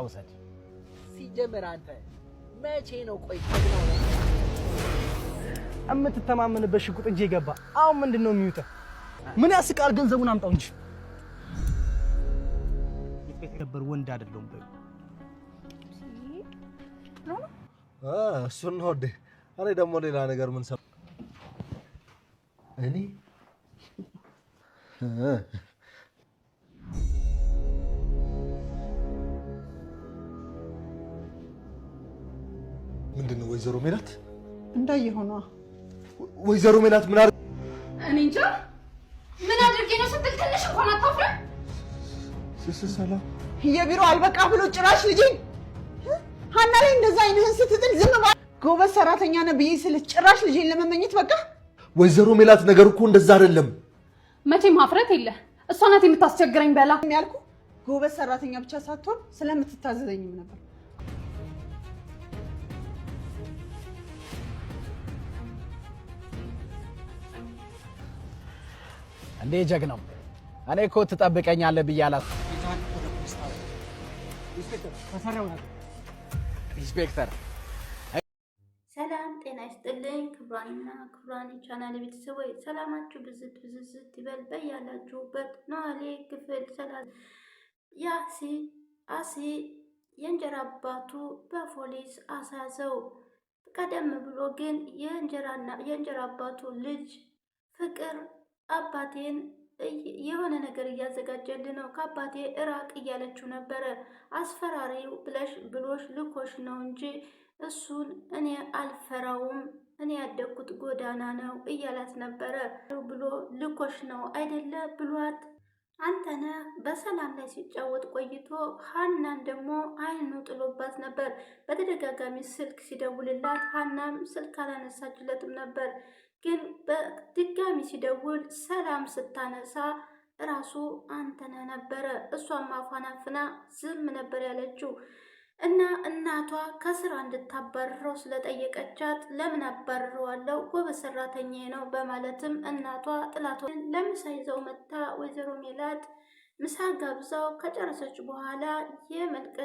አጥብቀህ ውሰድ። ሲጀምር አንተ መቼ ነው ቆይ የምትተማመንበት ሽጉጥ እንጂ የገባ አሁን ምንድን ነው የሚውጠ? ምን ያስቃል? ገንዘቡን አምጣው እንጂ ነበር ወንድ አይደለም። እሱን ወዴ። እኔ ደግሞ ሌላ ነገር ምን ሰማ እኔ ምንድን ነው ወይዘሮ ሜላት እንዳየ ሆኗ ወይዘሮ ሜላት ምን አድርጌ እኔ እንጃ ምን አድርጌ ነው ስትል ትንሽ እንኳን አታፍረም ሰላም የቢሮ አልበቃ ብሎ ጭራሽ ልጄ ሀና ላይ እንደዛ አይንህን ስትጥል ዝም ባ ጎበዝ ሰራተኛ ነህ ብዬ ስልህ ጭራሽ ልጄን ለመመኘት በቃ ወይዘሮ ሜላት ነገር እኮ እንደዛ አይደለም መቼ ማፍረት የለ እሷ ናት የምታስቸግረኝ በላ ያልኩ ጎበዝ ሰራተኛ ብቻ ሳትሆን ስለምትታዘዘኝም ነበር እንዴ ጀግናው፣ እኔ እኮ ትጠብቀኛለህ ብዬ ኢንስፔክተር ሰላም ጤና ይስጥልኝ። ክብራንና ክብሯን ቻናል ቤተሰቦች ሰላማችሁ ብዝት ብዝዝት ይበል በያላችሁበት። ኖላዊ ክፍል ሰላ ያሲ አሲ የእንጀራ አባቱ በፖሊስ አሳዘው። ቀደም ብሎ ግን የእንጀራ አባቱ ልጅ ፍቅር አባቴን የሆነ ነገር እያዘጋጀልህ ነው ከአባቴ እራቅ እያለችው ነበረ። አስፈራሪው ብለሽ ብሎሽ ልኮሽ ነው እንጂ እሱን እኔ አልፈራውም፣ እኔ ያደግኩት ጎዳና ነው እያላት ነበረ። ብሎ ልኮሽ ነው አይደለ ብሏት አንተነ በሰላም ላይ ሲጫወት ቆይቶ ሀናን ደግሞ አይኑ ጥሎባት ነበር። በተደጋጋሚ ስልክ ሲደውልላት ሀናም ስልክ አላነሳችለትም ነበር። ግን በድጋሚ ሲደውል ሰላም ስታነሳ ራሱ አንተነ ነበረ። እሷም አፏን አፍና ዝም ነበር ያለችው እና እናቷ ከስራ እንድታባርረው ስለጠየቀቻት ለምን አባርረዋለሁ ጎበዝ ሰራተኛ ነው በማለትም እናቷ ጥላቷን ለምሳ ይዘው መታ ወይዘሮ ሜላት ምሳ ጋብዛው ከጨረሰች በኋላ የመልቀ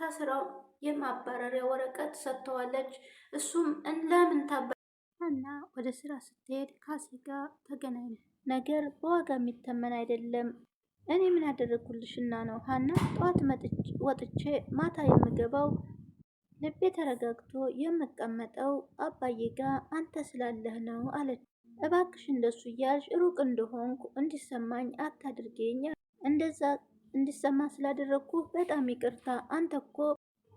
ተስራው የማባረሪያ ወረቀት ሰጥተዋለች። እሱም ለምን ታባ ሀና ወደ ስራ ስትሄድ ካሴ ጋር ተገናኙ። ነገር በዋጋ የሚተመን አይደለም። እኔ ምን ያደረግኩልሽና ነው ሀና? ጠዋት ወጥቼ ማታ የምገባው ልቤ ተረጋግቶ የምቀመጠው አባዬ ጋር አንተ ስላለህ ነው አለች። እባክሽ እንደሱ እያልሽ ሩቅ እንደሆንኩ እንዲሰማኝ አታድርጌኛ። እንደዛ እንዲሰማ ስላደረግኩ በጣም ይቅርታ። አንተ እኮ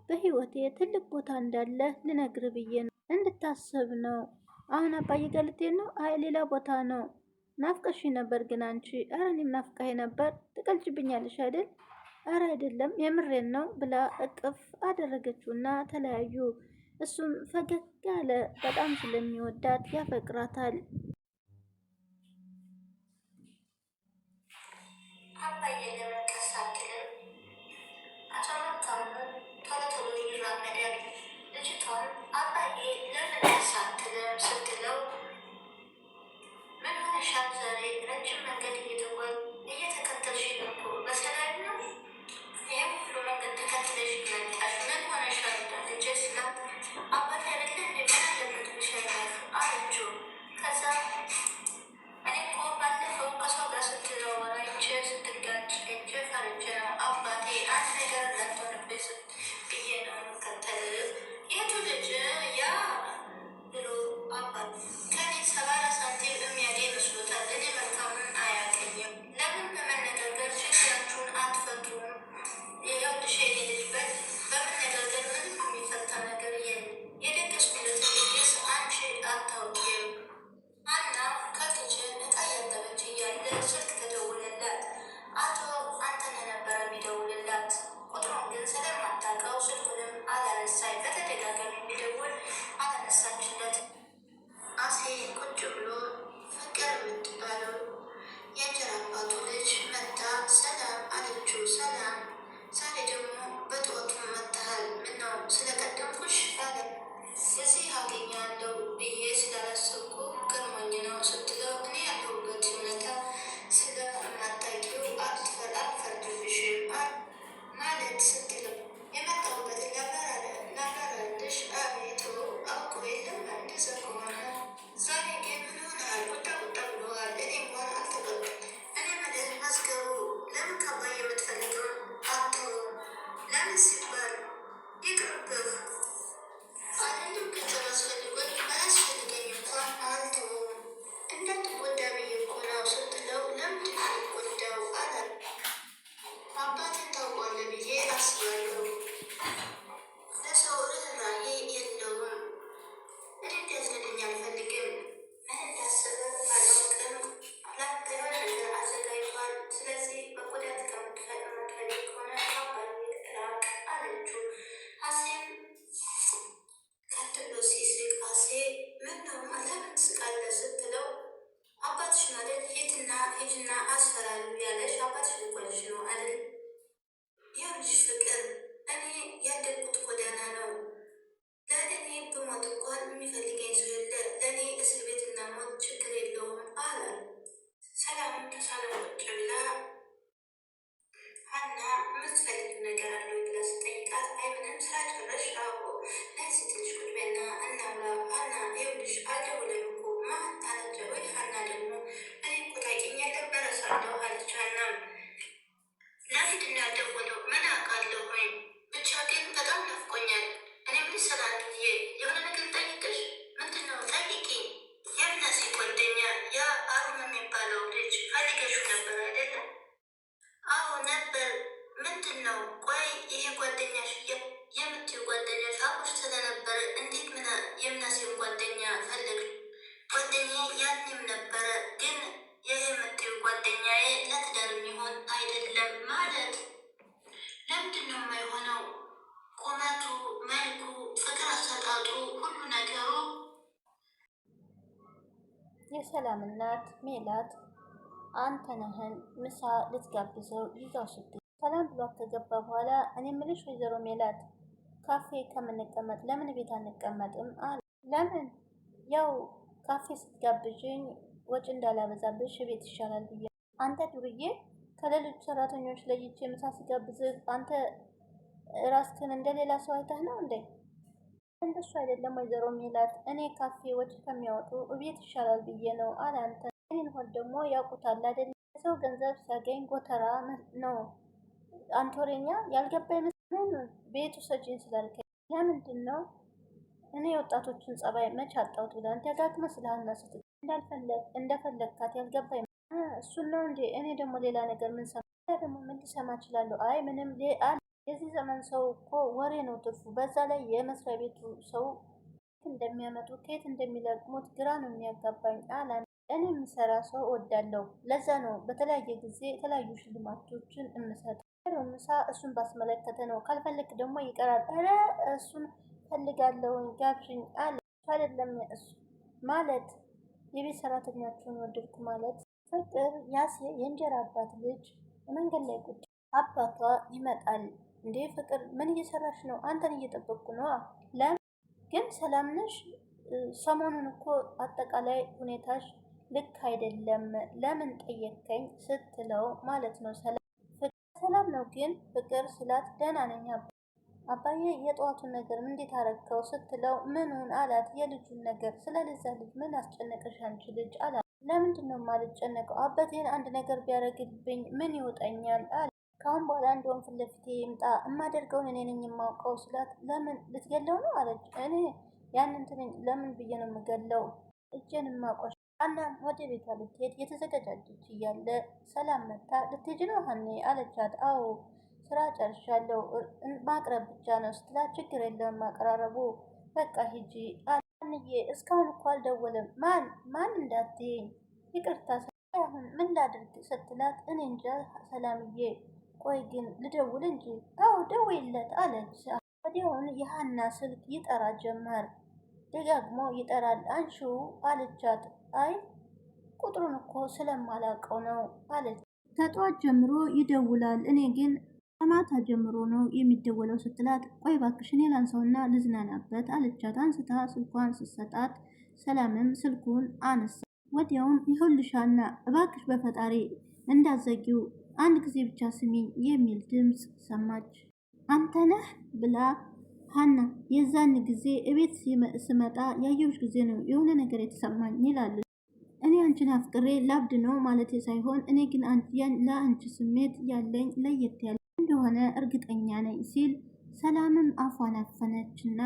በህይወቴ ትልቅ ቦታ እንዳለህ ልነግር ብዬ ነው እንድታስብ ነው አሁን አባዬ ጋር ልትሄድ ነው? አይ ሌላ ቦታ ነው። ናፍቀሽ ነበር ግን አንቺ። አረ እኔም ናፍቀሄ ነበር። ትቀልጅብኛለሽ አይደል? አረ አይደለም የምሬን ነው ብላ እቅፍ አደረገችውና ተለያዩ። እሱም ፈገግ ያለ በጣም ስለሚወዳት ያፈቅራታል። ስትለው ምን ሆነሻል? ዛሬ ረጅም መንገድ እየተጓዝ እየተከተልሽ ነው። በሰላም ነው? ይህም ሁሉ መንገድ ተከትለሽ መጣሽ? አስፈራሉ ያለሽ አባትሽ ልኮልሽ ነው አይደል? የሰላም እናት ሜላት አንተነህን ምሳ ልትጋብዘው ይዛው ስትል ሰላም ብሏት ከገባ በኋላ እኔ ምልሽ ወይዘሮ ሜላት ካፌ ከምንቀመጥ ለምን ቤት አንቀመጥም? አለ። ለምን? ያው ካፌ ስትጋብዥኝ ወጪ እንዳላበዛብሽ ቤት ይሻላል ብዬ። አንተ ዱርዬ፣ ከሌሎች ሰራተኞች ለይቼ ምሳ ስጋብዝህ አንተ ራስክን እንደሌላ ሰው አይተህ ነው እንዴ? እንደሱ አይደለም ወይዘሮ ሚላት፣ እኔ ካፌ ወጪ ከሚያወጡ እቤት ይሻላል ብዬ ነው። አላንተ ይህን ሆን ደግሞ ያውቁታል አይደል? ሰው ገንዘብ ሲያገኝ ጎተራ ነው አንቶሬኛ ያልገባ ይመስለን ቤቱ ሰጪን ስላልከኝ ለምንድን ነው እኔ የወጣቶችን ጸባይ መች አጣሁት ብላ ደጋግመ ስለሀና ስት እንደፈለግካት ያልገባ እሱን ነው እንዴ? እኔ ደግሞ ሌላ ነገር ምን ሰማ ደግሞ ምን ሊሰማ እችላለሁ? አይ ምንም ሌአ የዚህ ዘመን ሰው እኮ ወሬ ነው ትርፉ። በዛ ላይ የመስሪያ ቤቱ ሰው እንደሚያመጡ ከየት እንደሚለቅሙት ግራ ነው የሚያጋባኝ አላ እኔ የምሰራ ሰው እወዳለሁ። ለዛ ነው በተለያየ ጊዜ የተለያዩ ሽልማቶችን የምሰጥ። ምሳ እሱን ባስመለከተ ነው። ካልፈልግ ደግሞ ይቀራል። ኧረ እሱን ፈልጋለውን ጋብዥኝ አለ። አይደለም እሱ ማለት የቤት ሰራተኛቸውን ወደድኩ ማለት ፍቅር ያሴ የእንጀራ አባት ልጅ መንገድ ላይ ቁጭ አባቷ ይመጣል። እንዴ ፍቅር ምን እየሰራሽ ነው? አንተን እየጠበቅኩ ነዋ። ለምን ግን ሰላም ነሽ? ሰሞኑን እኮ አጠቃላይ ሁኔታሽ ልክ አይደለም፣ ለምን ጠየከኝ ስትለው ማለት ነው። ሰላም ነው ግን ፍቅር ስላት ደህና ነኝ አባዬ፣ የጠዋቱን ነገር እንዴት አረከው ስትለው ምኑን አላት። የልጁን ነገር ስለ ልጅ ምን አስጨነቀሽ አንቺ ልጅ አላት። ለምንድን ነው የማልጨነቀው? አባቴን አንድ ነገር ቢያደርግብኝ ምን ይወጠኛል አለ ከአሁን በኋላ እንደውም ፊት ለፊቴ ይምጣ የማደርገውን እኔ ነኝ የማውቀው ስላት፣ ለምን ልትገለው ነው አለች። እኔ ያን እንትን ለምን ብዬ ነው የምገለው እጄን የማውቀው አና ወደ ቤቷ ልትሄድ የተዘገጃጀች እያለ ሰላም መታ ልትሄጂ ነው ሀኔ አለቻት። አዎ ስራ ጨርሻለሁ ማቅረብ ብቻ ነው ስትላት፣ ችግር የለም ማቀራረቡ በቃ ሂጂ አንዬ። እስካሁን እኮ አልደወለም ማን ማን እንዳትይኝ ይቅርታ፣ አሁን ምን ላድርግ ስትላት፣ እኔ እንጃ ሰላምዬ ቆይ ግን ልደውል እንጂ አዎ ደውይለት አለች። ወዲያውን የሀና ስልክ ይጠራ ጀመር። ደጋግሞ ይጠራል። አንሺው አለቻት። አይ ቁጥሩን እኮ ስለማላውቀው ነው አለች። ከጠዋት ጀምሮ ይደውላል። እኔ ግን ከማታ ጀምሮ ነው የሚደወለው ስትላት፣ ቆይ እባክሽ እኔ ላንሳውና ልዝናናበት አለቻት። አንስታ ስልኳን ስትሰጣት፣ ሰላምም ስልኩን አነሳ። ወዲያውም ይኸውልሽ ሀና እባክሽ በፈጣሪ እንዳዘጊው አንድ ጊዜ ብቻ ስሚኝ የሚል ድምፅ ሰማች። አንተ ነህ ብላ ሀና የዛን ጊዜ እቤት ስመጣ ያየሁሽ ጊዜ ነው የሆነ ነገር የተሰማኝ ይላል። እኔ አንቺን አፍቅሬ ላብድ ነው ማለት ሳይሆን እኔ ግን ለአንቺ ስሜት ያለኝ ለየት ያለ እንደሆነ እርግጠኛ ነኝ ሲል ሰላምም አፏን አፈነችና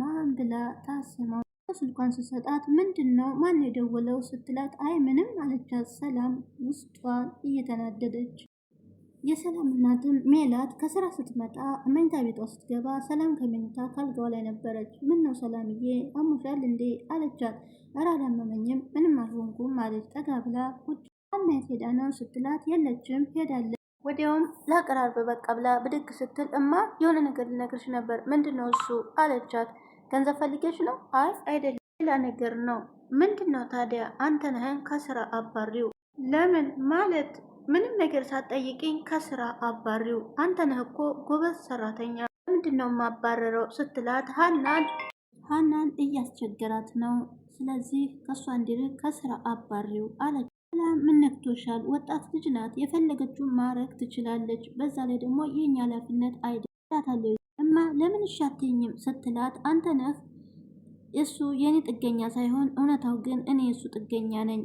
ማን ብላ ታሰማው ስልኳን ስሰጣት ምንድን ነው ማን የደወለው ስትላት አይ ምንም አለቻት። ሰላም ውስጧን እየተናደደች የሰላም እናትም ሜላት ከስራ ስትመጣ መኝታ ቤቷ ስትገባ ሰላም ከመኝታ ካልጋዋ ላይ ነበረች። ምን ነው ሰላምዬ አሞሻል እንዴ አለቻት። እረ አላመመኝም፣ ምንም አልሆንኩም አለች። ጠጋ ብላ ቁጭ አናት ሄዳ ነው ስትላት የለችም ሄዳለ። ወዲያውም ላቀራርብ በቃ ብላ ብድግ ስትል እማ የሆነ ነገር ልነግርሽ ነበር። ምንድን ነው እሱ አለቻት። ገንዘብ ፈልጌሽ ነው? አይ አይደለም፣ ሌላ ነገር ነው። ምንድን ነው ታዲያ? አንተ ነህን ከስራ አባሪው? ለምን ማለት ምንም ነገር ሳትጠይቅኝ ከስራ አባሪው አንተ ነህ እኮ ጎበዝ ሰራተኛ ምንድን ነው የማባረረው ስትላት ሀናን ሀናን እያስቸገራት ነው። ስለዚህ ከእሷ እንዲልህ ከስራ አባሪው አለ ሰላም ምን ነክቶሻል? ወጣት ልጅ ናት፣ የፈለገችውን ማድረግ ትችላለች። በዛ ላይ ደግሞ የኛ ኃላፊነት አይደላታለ እማ ለምን ሻትኝም ስትላት አንተ ነህ እሱ የኔ ጥገኛ ሳይሆን እውነታው ግን እኔ እሱ ጥገኛ ነኝ።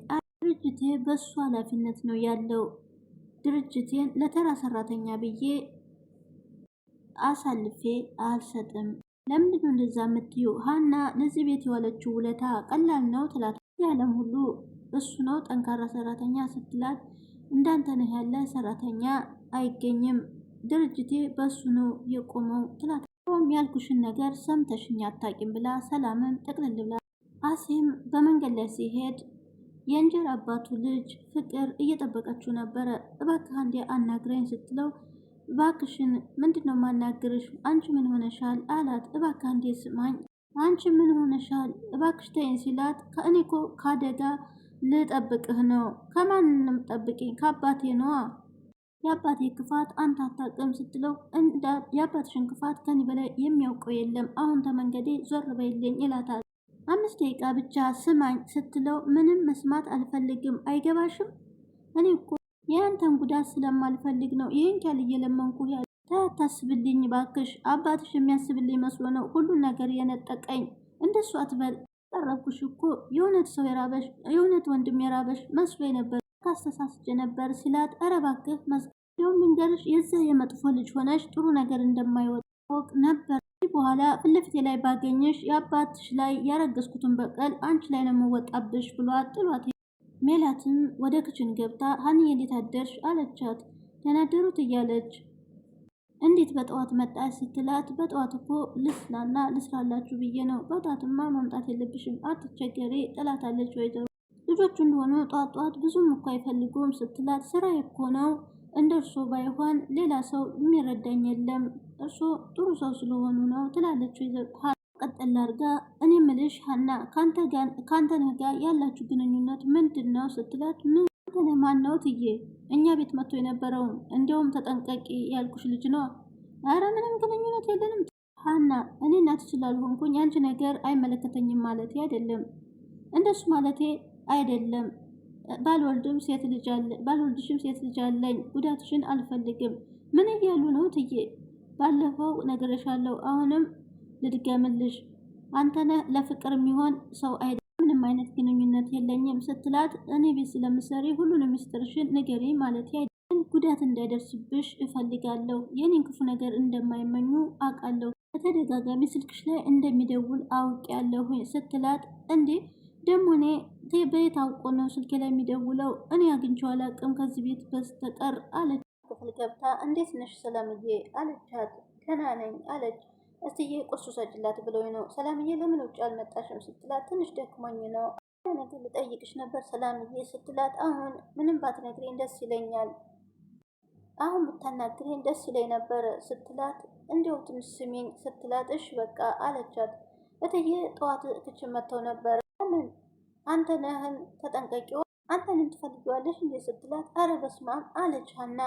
ድርጅቴ በእሱ ኃላፊነት ነው ያለው ድርጅቴን ለተራ ሰራተኛ ብዬ አሳልፌ አልሰጥም። ለምንድን እንደዛ የምትዩ? ሀና ለዚህ ቤት የዋለችው ውለታ ቀላል ነው ትላት። የዓለም ሁሉ እሱ ነው ጠንካራ ሰራተኛ ስትላት፣ እንዳንተ ነህ ያለ ሰራተኛ አይገኝም፣ ድርጅቴ በእሱ ነው የቆመው ትላት። ም ያልኩሽን ነገር ሰምተሽኝ አታቂም ብላ ሰላምን ጠቅልል ብላ አሴም በመንገድ ላይ ሲሄድ የእንጀራ አባቱ ልጅ ፍቅር እየጠበቀችው ነበረ። እባክህ አንዴ አናግረኝ ስትለው እባክሽን ምንድን ነው ማናግርሽ? አንቺ ምን ሆነሻል አላት። እባክህ አንዴ ስማኝ፣ አንቺ ምን ሆነሻል? እባክሽ ተይኝ ሲላት ከእኔ እኮ ካደጋ ልጠብቅህ ነው። ከማን ነው ከአባቴ ነዋ። የአባቴ ክፋት አንተ አታውቅም ስትለው የአባትሽን ክፋት ከኔ በላይ የሚያውቀው የለም። አሁን ተመንገዴ ዞር በይልኝ ይላታል። አምስት ደቂቃ ብቻ ስማኝ ስትለው ምንም መስማት አልፈልግም። አይገባሽም? እኔ እኮ የአንተን ጉዳት ስለማልፈልግ ነው ይህን ካል እየለመንኩ ያለ ታታስብልኝ ባክሽ። አባትሽ የሚያስብልኝ መስሎ ነው ሁሉን ነገር የነጠቀኝ። እንደሱ አትበል። ቀረብኩሽ እኮ የእውነት ሰው የራበሽ የእውነት ወንድም የራበሽ መስሎ ነበር ካስተሳስጀ ነበር ሲላት፣ ኧረ እባክህ መዝጋት። ልንገርሽ የዛ የመጥፎ ልጅ ሆነሽ ጥሩ ነገር እንደማይወጣ አውቅ ነበር። በኋላ ፊት ለፊቴ ላይ ባገኘሽ የአባትሽ ላይ ያረገዝኩትን በቀል አንቺ ላይ ነው የምወጣብሽ ብሏት ጥሏት ሜላትም ወደ ክችን ገብታ ሀኒዬ እንዴት አደርሽ አለቻት። ተናደሩት እያለች እንዴት በጠዋት መጣች ስትላት በጠዋት እኮ ልስላና ልስራላችሁ ብዬ ነው። በጠዋትማ መምጣት የለብሽም አትቸገሬ ጥላታለች። ወይዘሮ ልጆቹ እንደሆኑ ጧት ጠዋት ብዙም እኮ አይፈልጉም ስትላት ስራ እኮ ነው እንደ ባይሆን ሌላ ሰው የሚረዳኝ የለም እርሶ ጥሩ ሰው ስለሆኑ ነው ትላለች ቀጠል አድርጋ እኔ ምልሽ ሀና ከአንተን ጋር ያላችሁ ግንኙነት ምንድን ነው ስትላት ምንተነ ማነው ትዬ እኛ ቤት መጥቶ የነበረውን እንዲያውም ተጠንቀቂ ያልኩሽ ልጅ ነው አረ ምንም ግንኙነት የለንም ሀና እኔ እናት ስላልሆንኩኝ አንቺ ነገር አይመለከተኝም ማለት አይደለም እንደሱ ማለቴ አይደለም ባልወልድም ሴት ልጅ አለ ባልወልድሽም ሴት ልጅ አለኝ ጉዳትሽን አልፈልግም ምን እያሉ ነው ትዬ ባለፈው ነግሬሻለሁ፣ አሁንም ልድገምልሽ፣ አንተ ለፍቅር የሚሆን ሰው አይደ ምንም አይነት ግንኙነት የለኝም ስትላት፣ እኔ ቤት ስለምሰሪ ሁሉንም ሚስጥርሽን ንገሪ ማለት አይደለም፣ ጉዳት እንዳይደርስብሽ እፈልጋለሁ። የኔን ክፉ ነገር እንደማይመኙ አውቃለሁ። በተደጋጋሚ ስልክሽ ላይ እንደሚደውል አውቄያለሁ ስትላት፣ እንዴ ደሞ እኔ በየት አውቆ ነው ስልኬ ላይ የሚደውለው? እኔ አግኝቼው አላውቅም ከዚህ ቤት በስተቀር አለች። ክፍል ገብታ እንዴት ነሽ ሰላምዬ አለቻት። ገና ነኝ አለች። እስትዬ ቁርሱ ሰጭላት ብሎኝ ነው። ሰላምዬ ለምን ውጭ አልመጣሽም ስትላት ትንሽ ደክሞኝ ነው ነገር ልጠይቅሽ ነበር ሰላምዬ ስትላት አሁን ምንም ባትነግሬን ደስ ይለኛል። አሁን ብታናግሬን ደስ ይለኝ ነበር ስትላት እንዲሁም ትንሽ ስሚኝ ስትላት እሽ በቃ አለቻት። እትዬ ጠዋት ትችን መጥተው ነበር። ምን አንተ ነህን? ተጠንቀቂው አንተን እንትፈልጊዋለሽ እንዴ ስትላት አረ በስማም አለች ሀና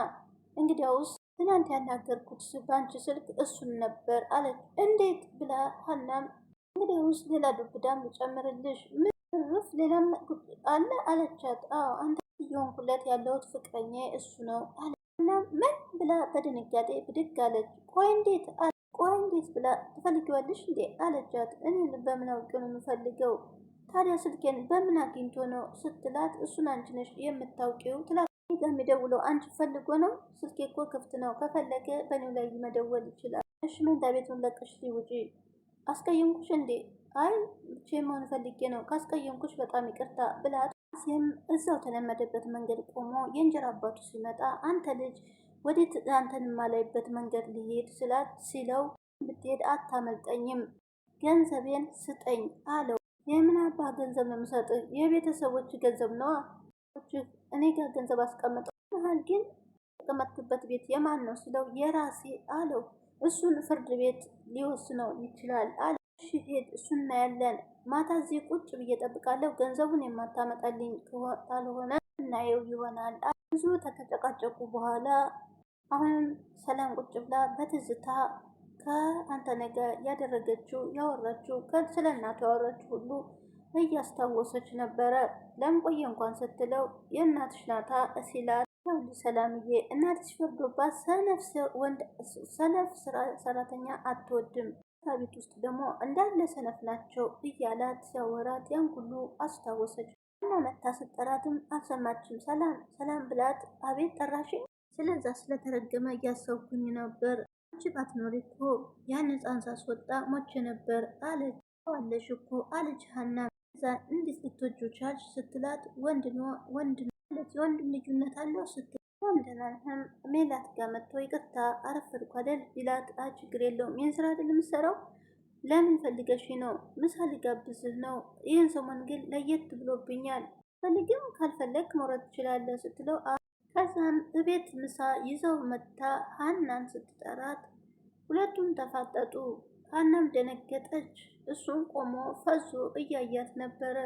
እንግዲያውስ ትናንት ያናገርኩት በአንቺ ስልክ እሱን ነበር አለች። እንዴት ብላ ሀናም እንግዲያውስ ሌላ ዱብዳም ይጨምርልሽ ምን ርፍ ሌላም አለ አለቻት። አዎ አንተ የሆንኩለት ያለሁት ፍቅረኛ እሱ ነው አለ። ምን ብላ በድንጋጤ ብድግ አለች። ቆይ እንዴት ቆይ እንዴት ብላ ትፈልጊዋለሽ እንዴ አለቻት። እኔን በምን አውቅ ነው የምፈልገው ታዲያ ስልኬን በምን አግኝቶ ነው ስትላት፣ እሱን አንቺ ነሽ የምታውቂው ትላ ጋ የሚደውለው አንቺ ፈልጎ ነው? ስልኬ እኮ ክፍት ነው። ከፈለገ በኔው ላይ መደወል ይችላል። እሺ መንታ ቤቱን ለቀሽ ውጪ። አስቀየምኩሽ እንዴ? አይ ብቼ መሆን ፈልጌ ነው። ካስቀየምኩሽ በጣም ይቅርታ ብላት ሲም እዛው ተለመደበት መንገድ ቆሞ የእንጀራ አባቱ ሲመጣ አንተ ልጅ ወዴት አንተን የማላይበት መንገድ ሊሄድ ስላት ሲለው ብትሄድ አታመልጠኝም፣ ገንዘቤን ስጠኝ አለው። የምን አባ ገንዘብ ነው የምሰጥህ? የቤተሰቦች ገንዘብ ነዋ እኔ ጋር ገንዘብ አስቀምጠው መሀል ግን የተቀመጥኩበት ቤት የማን ነው ስለው የራሴ አለው። እሱን ፍርድ ቤት ሊወስነው ይችላል አለ። እሺ ሄድ እሱን እናያለን። ማታ እዚህ ቁጭ ብዬ እጠብቃለሁ። ገንዘቡን የማታመጣልኝ ካልሆነ እናየው ይሆናል። ብዙ ተጨቃጨቁ በኋላ አሁንም ሰላም ቁጭ ብላ በትዝታ ከአንተ ነገር ያደረገችው ያወራችው ስለ እናቱ ያወራችው ሁሉ እያስታወሰች ነበረ። ለምቆየ እንኳን ስትለው የእናትሽ ናታ ሲላት ሰላምዬ እናትሽ ፈርዶባት ሰነፍ ሰራተኛ አትወድም ቤት ውስጥ ደግሞ እንዳለ ሰነፍ ናቸው እያላት ሲያወራት ያን ሁሉ አስታወሰች እና መታ ስጠራትም አልሰማችም። ሰላም ሰላም ብላት አቤት ጠራሽ? ስለዛ ስለተረገመ እያሰብኩኝ ነበር። አንቺ ባትኖሪ እኮ ያን ሕፃን ሳስወጣ ሞቼ ነበር አለች። ዋለሽ እኮ አለች ሀና ከዛ እንዴት ልትወጁ ቻልሽ ስትላት ወንድኖ ወንድኖ የወንድም ልዩነት አለው ስትል ወንድናህም ሜላት ጋር መጥቶ ይቅርታ አረፈድኩ አይደል ቢላት ችግር የለውም ይህን ስራ አይደል የምትሰራው ለምን ፈልገሽ ነው ምሳ ልጋብዝህ ነው ይህን ሰሞን ግን ለየት ብሎብኛል ፈልግም ካልፈለግ መውረድ ትችላለህ ስትለው ከዛም እቤት ምሳ ይዘው መታ ሀናን ስትጠራት ሁለቱም ተፋጠጡ ሀናም ደነገጠች። እሱን ቆሞ ፈዞ እያያት ነበረ።